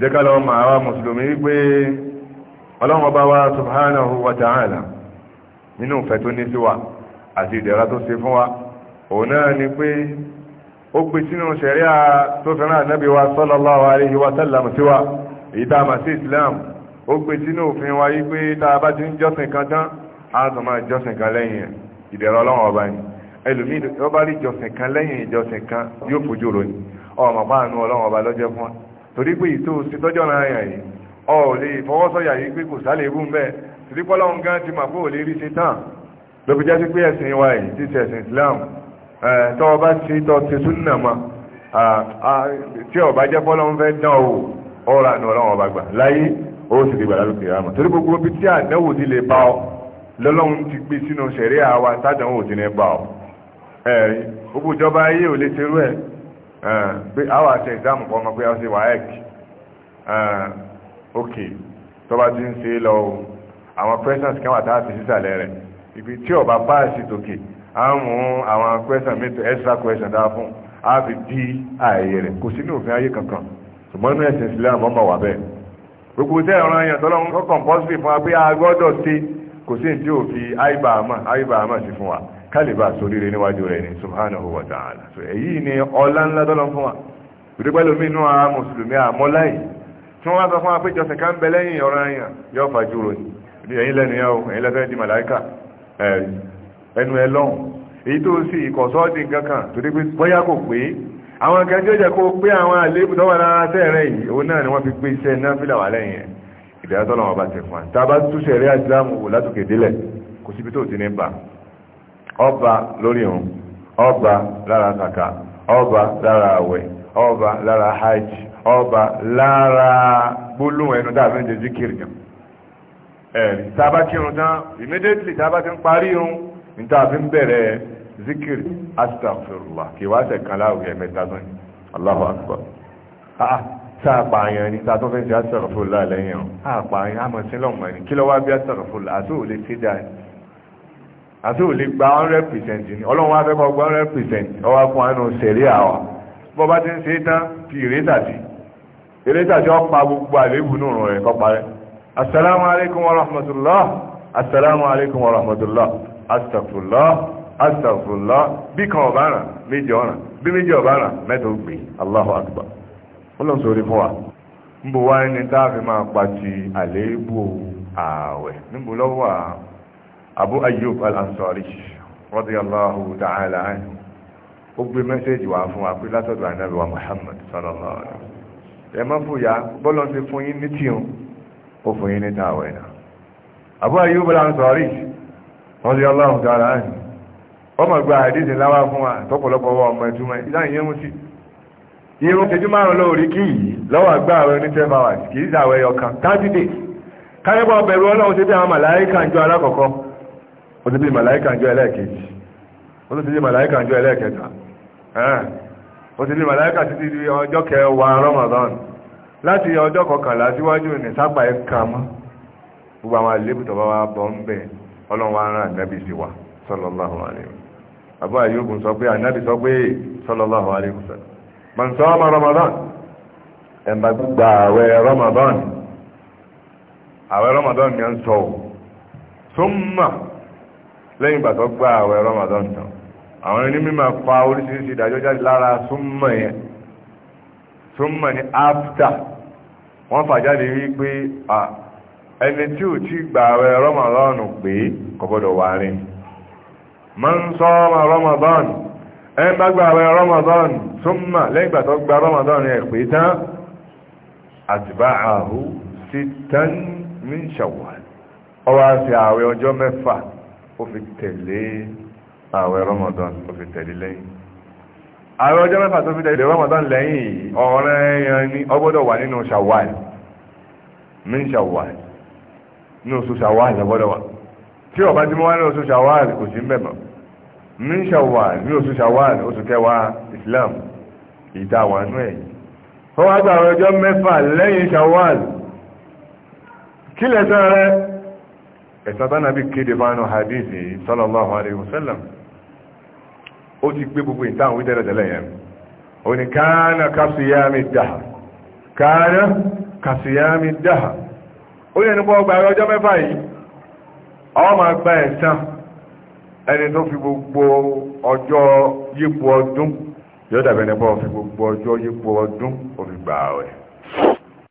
ìdẹ́kàlọ́ ma àwa mùsùlùmí pé ọlọ́run ọba wa subhanahu wa ta'ala nínú ìfẹ́ tó ní sí wa àti ìdẹ̀ra tó ṣe fún wa òun náà ni pé ó gbé sínú ṣẹ̀ríà tó fẹ́ràn ànábì wa sallallahu alaihi wa sallam sí wa èyí tá a mà sí islam ó gbé sínú òfin wa yí pé tá a bá ti ń jọ́sìn kan tán a tó máa jọ́sìn kan lẹ́yìn ìdẹ̀ra ọlọ́run ọba ni ẹlòmíì ọba rí jọ́sìn kan lẹ́yìn ìjọ́sìn kan yóò fojú ròyìn ọmọ pàánù ọlọ́run ọba lọ́jọ́ fún wa torí pé ìtò sítọ́jọ́ náà yàn yìí ọ ò lè fọwọ́sọ̀yà yìí pé kò sálẹ̀ bú mbẹ́ torí pé Ọlọ́run gan ti mà kó lè rí ṣe tán lóbi jásí pé ẹ̀sìn wa yìí ti ṣẹ̀sìn Islam tọ́ ọba ti tọ́ ti súnà mọ́ tí ọba jẹ́ fọ́lọ́run fẹ́ dán o ọ̀rọ̀ àná Ọlọ́run ọba gbà láyé ó sì ti gbà lálùkè àmọ́ torí gbogbo bí tí àdánwò ti lè bá ọ lọ́lọ́run ti gbé sínú ṣẹ̀rí àwa sádánwò ti lè bá ọ ìjọba ayé ò lè ṣerú ẹ̀ Eh, pé àwọn àti ẹ̀dáàmù kan ọmọ pé a ṣe waec eh, ok tó bá ti ń ṣe lọ o àwọn questions kan wà táà ti sísàlẹ̀ rẹ̀ ibi tí ọba páàsì tòkè a ń mú àwọn question mẹ́tò extra question dáa fún a fi dí ààyè rẹ̀ kò sí ní òfin ayé kankan ṣùgbọ́n ní ẹ̀sìn Islam ọmọ wà bẹ́ẹ̀ gbogbo tẹ́ ọ̀ràn èèyàn tọ́lọ́ ń kọ́ compulsory fún wa pé a gbọ́dọ̀ ṣe kò sí ní tí òfin àìbàámà àìbàámà sí fún wa kálíbà sóríire níwájú rẹ̀ ní subhanahu wa ta'ala so èyí ni ọlá ńlá tọ́lọ fún wa ìdúpẹ́lú mi nú àwọn mùsùlùmí àmọ́láyì tí wọ́n wá sọ fún wa pé jọsìn ká ń bẹ lẹ́yìn ọ̀rọ̀ ẹ̀yàn yóò fàájú rò ní ẹ̀yìn lẹ́nu yẹn o ẹ̀yìn lẹ́fẹ́ di màláìkà ẹnu ẹ lọ́hùn èyí tó sì ìkọ̀sọ́ di nǹkan kan tó dé pé bóyá kò pé àwọn nǹkan tí ó jẹ́ ọba lórí òun ọba lára kàkà ọba lára àwẹ̀ ọba lára hajj ọba lára gbólóhùn ẹnu dáa méje zikiri yàn ẹ̀rí tábà kírun tán immediately tábà ti ń parí irun níta fi ń bẹ̀rẹ̀ zikiri astaghfirullah kì wá sẹ̀kan láwùjọ ẹ̀mẹ́ta tán ni Allahu akbar ah tá a pààyàn ni tá a tó fẹ́ lẹ́yìn ọ̀hún àpààyàn àmọ̀ sílọ̀ ni kí lọ́wọ́ bí astaghfirullah àti òun lè dáa àti ò lè gba hundred percent ni ọlọ́run wá fẹ́ kọ́ gba hundred percent ọwọ́ fún àánú sẹ̀rí àwà bọ́ bá ti ń ṣe tán fi ìrẹ́tà sí ìrẹ́tà sí ọ̀pá gbogbo àléébù nù rẹ̀ kọ́ parẹ́ asalaamu alaykum wa rahmatulah asalaamu alaykum wa rahmatulah astagfurullah astagfurullah bí kan ọ̀bá ràn méjì ọ̀ràn bí méjì ọ̀bá ràn mẹ́ta ó gbé Allahu akbar ó lọ sórí fún wa ń bò wá ẹni tá a fi máa pa àléébù ààwẹ̀ níbo lọ́wọ́ àwọn abu ayyub al-ansari radiyallahu ta'ala anhu ó o mẹ́sẹ̀jì meseji wa fun látọ̀dọ̀ ànábì wa muhammad sallallahu alaihi wasallam ti fún yín ní tíun ó fún yín ní tàwẹ̀ náà abu ayyub al radiyallahu ta'ala anhu ọmọ gba àdíṣe láwá fún wa tọ́pọ̀lọpọ̀ wa ọmọ ó ti bí màláíkà jọ ẹlẹ́ẹ̀kejì ó ti bí màláíkà jọ ẹlẹ́ẹ̀kẹta ó ti bí màláíkà títí di ọjọ́ kẹwàá Ramadan láti ọjọ́ kọkànlá síwájú ní sápà ẹ̀ mọ́ gbogbo àwọn àlébù bá wá bọ́ ń bẹ̀ ọlọ́run sallallahu sallallahu Ramadan ààwẹ̀ Ramadan ni a ń lẹ́yìn ìgbà tó gba àwẹ̀ Ramadan tán àwọn ẹni mímọ̀ fa oríṣiríṣi ìdájọ́ jáde lára súnmọ̀ yẹn súnmọ̀ ní after wọ́n fà jáde wípé ẹni tí ò tí gba àwẹ̀ Ramadan pé kò gbọ́dọ̀ wà rìn man sọ́ọ́mà Ramadan ẹni bá gba àwẹ̀ Ramadan súnmọ̀ lẹ́yìn ìgbà tó gba Ramadan ẹ̀ pé tán àtìbáàhù sittan min Shawwal ọwọ́ àti àwẹ̀ ọjọ́ mẹ́fà ó fi tẹ̀lé àwẹ̀ Ramadan ó fi tẹ̀lé lẹ́yìn àwẹ̀ ọjọ́ mẹ́fà tó fi tẹ̀lé Ramadan lẹ́yìn ọ̀rẹ́ ẹ̀yàn ni ó gbọ́dọ̀ wà nínú Shawwal min Shawwal ní oṣù Shawwal ló gbọ́dọ̀ wà tí ó bá ti mú wá ní oṣù Shawwal kò sí mbẹ̀ mọ́ min Shawwal ní oṣù Shawwal oṣù kẹwàá Islam ìdáwà nú ẹ̀yìn fọwọ́ àgbà ọjọ́ mẹ́fà lẹ́yìn Shawwal kí lẹ́sẹ̀ rẹ̀ ẹ̀sán tánàbí kéde fánà hadithi sallallahu alaihi wasallam ó ti gbé gbogbo ìtàn wí tẹ́lẹ̀tẹ́lẹ̀ yẹn ó ní káàna kásíyámi dáhà káàna kásíyámi dáhà ó yẹ nípa ọgbà ọjọ́ mẹ́fà yìí ọ ma gba ẹ̀san ẹni tó fi gbogbo ọjọ́ yípo ọdún yóò dàbẹ̀ nípa ọ fi gbogbo ọjọ́ yípo ọdún ó fi gbà àwẹ̀